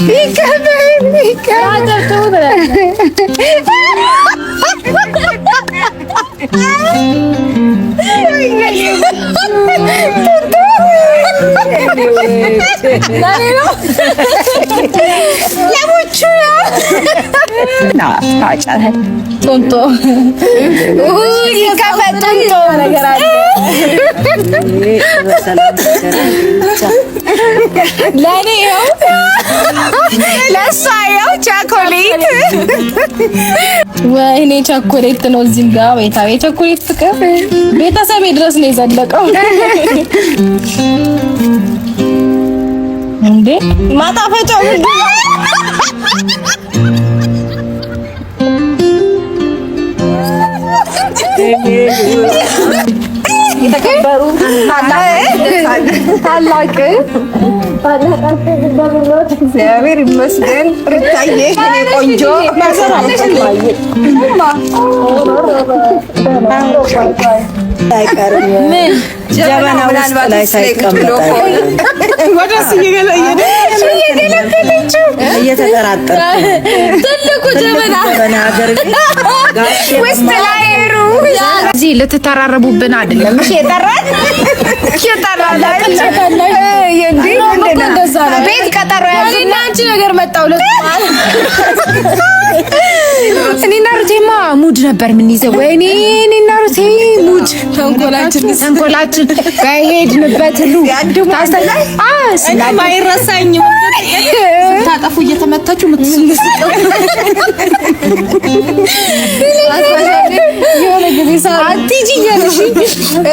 ይከፈል ጡንቶ ነገር አለ ለእኔ ይኸው ለእሷ ይኸው ቸኮሌት። ወይኔ ቸኮሌት ነው እዚህም ጋር ቤታ የቸኮሌት ፍቅር ቤተሰቤ ድረስ ነው የዘለቀው። እንዴ ማጣፈጫው የተከበሩ ታላቅ እግዚአብሔር ይመስገን። ርታዬ ቆንጆ አይቀርም ጀበና ውስጥ ላይ ሳይቀመጥ እየተጠራጠርኩ እዚህ ልትተራረቡብን አይደለም ቤት ቀጠሮ ያዝ ነገር መጣው እኔና ሩቴማ ሙድ ነበር የምንይዘው። ወይኔ እኔና ሩቴ ሙድ ተንኮላችን ተንኮላችን በሄድንበት ሁሉ አይረሳኝ። ታጠፉ እየተመታችሁ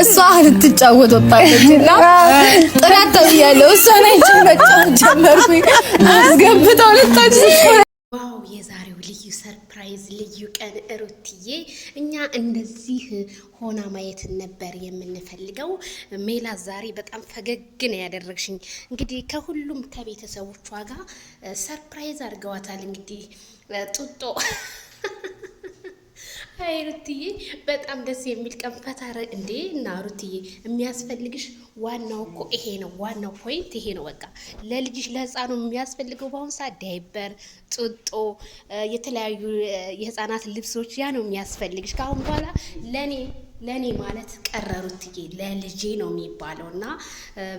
እሷ ልትጫወት ወጣችና ጥራት ተብያለሁ። እሷን አይቼ መጫወት ጀመርኩኝ። አስገብተው ልታችሁ ልዩ ሰርፕራይዝ፣ ልዩ ቀን ሩትዬ፣ እኛ እንደዚህ ሆና ማየት ነበር የምንፈልገው። ሜላ ዛሬ በጣም ፈገግ ነው ያደረግሽኝ። እንግዲህ ከሁሉም ከቤተሰቦቿ ጋር ሰርፕራይዝ አድርገዋታል። እንግዲህ ጡጦ አይ ሩትዬ በጣም ደስ የሚል ቀን ፈታረ እንዴ! እና ሩትዬ የሚያስፈልግሽ ዋናው እኮ ይሄ ነው። ዋናው ፖይንት ይሄ ነው። በቃ ለልጅሽ ለህፃኑ የሚያስፈልገው በአሁኑ ሰዓት ዳይበር፣ ጡጦ፣ የተለያዩ የህፃናት ልብሶች ያ ነው የሚያስፈልግሽ ከአሁን በኋላ ለእኔ ለእኔ ማለት ቀረሩትዬ ለልጄ ነው የሚባለው። እና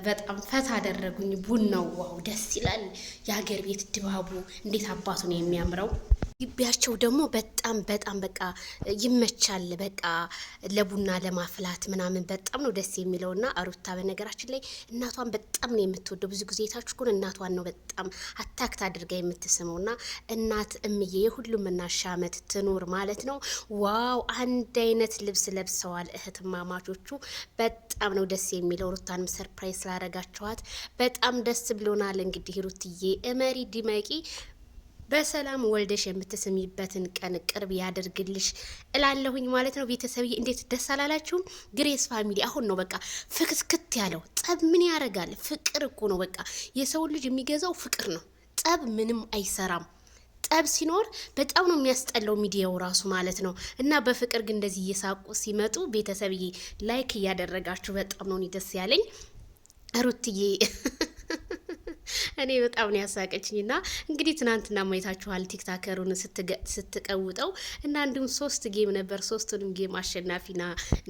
በጣም ፈታ አደረጉኝ። ቡናው ዋው ደስ ይላል። የሀገር ቤት ድባቡ እንዴት አባቱ ነው የሚያምረው! ግቢያቸው ደግሞ በጣም በጣም በቃ ይመቻል። በቃ ለቡና ለማፍላት ምናምን በጣም ነው ደስ የሚለው እና ሩታ በነገራችን ላይ እናቷን በጣም ነው የምትወደው። ብዙ ጊዜ ታችኩን እናቷን ነው በጣም አታክት አድርጋ የምትስመው እና እናት እምዬ የሁሉም እናሻ ትኑር ማለት ነው። ዋው አንድ አይነት ልብስ ለብሰዋል እህትማማቾቹ። በጣም ነው ደስ የሚለው። ሩታንም ሰርፕራይዝ ስላረጋችኋት በጣም ደስ ብሎናል። እንግዲህ ሩትዬ እመሪ ድመቂ በሰላም ወልደሽ የምትስሚበትን ቀን ቅርብ ያደርግልሽ እላለሁኝ ማለት ነው። ቤተሰብዬ እንዴት ደስ አላላችሁም? ግሬስ ፋሚሊ አሁን ነው በቃ ፍክስክት ያለው። ጸብ ምን ያደርጋል? ፍቅር እኮ ነው በቃ የሰውን ልጅ የሚገዛው ፍቅር ነው። ጸብ ምንም አይሰራም። ጠብ ሲኖር በጣም ነው የሚያስጠላው፣ ሚዲያው ራሱ ማለት ነው። እና በፍቅር ግን እንደዚህ እየሳቁ ሲመጡ ቤተሰብዬ ላይክ እያደረጋችሁ በጣም ነው ደስ ያለኝ ሩትዬ እኔ በጣም ነው ያሳቀችኝ። ና እንግዲህ ትናንትና ማየታችኋል ቲክታከሩን ስትቀውጠው እና እንዲሁም ሶስት ጌም ነበር። ሶስቱንም ጌም አሸናፊና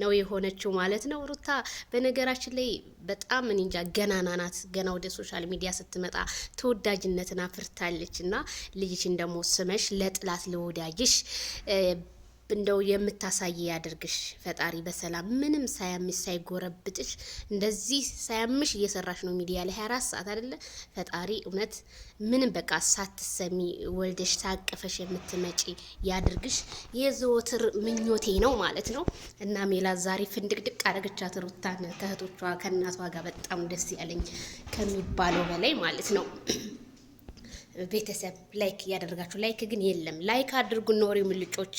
ነው የሆነችው ማለት ነው። ሩታ በነገራችን ላይ በጣም እንጃ ገናና ናት። ገና ወደ ሶሻል ሚዲያ ስትመጣ ተወዳጅነትን አፍርታለች እና ልጅሽን ደግሞ ስመሽ ለጥላት ለወዳጅሽ እንደው የምታሳይ ያድርግሽ ፈጣሪ በሰላም ምንም ሳያምሽ ሳይጎረብጥሽ እንደዚህ ሳያምሽ እየሰራሽ ነው ሚዲያ ላይ 24 ሰዓት አይደለ ፈጣሪ እውነት ምንም በቃ ሳትሰሚ ወልደሽ ታቅፈሽ የምትመጪ ያድርግሽ የዘወትር ምኞቴ ነው ማለት ነው እና ሜላ ዛሬ ፍንድቅድቅ አረገቻት ሩታን ከእህቶቿ ከእናቷ ጋር በጣም ደስ ያለኝ ከሚባለው በላይ ማለት ነው ቤተሰብ ላይክ እያደረጋችሁ ላይክ ግን የለም ላይክ አድርጉ ኖሪ ምልጮች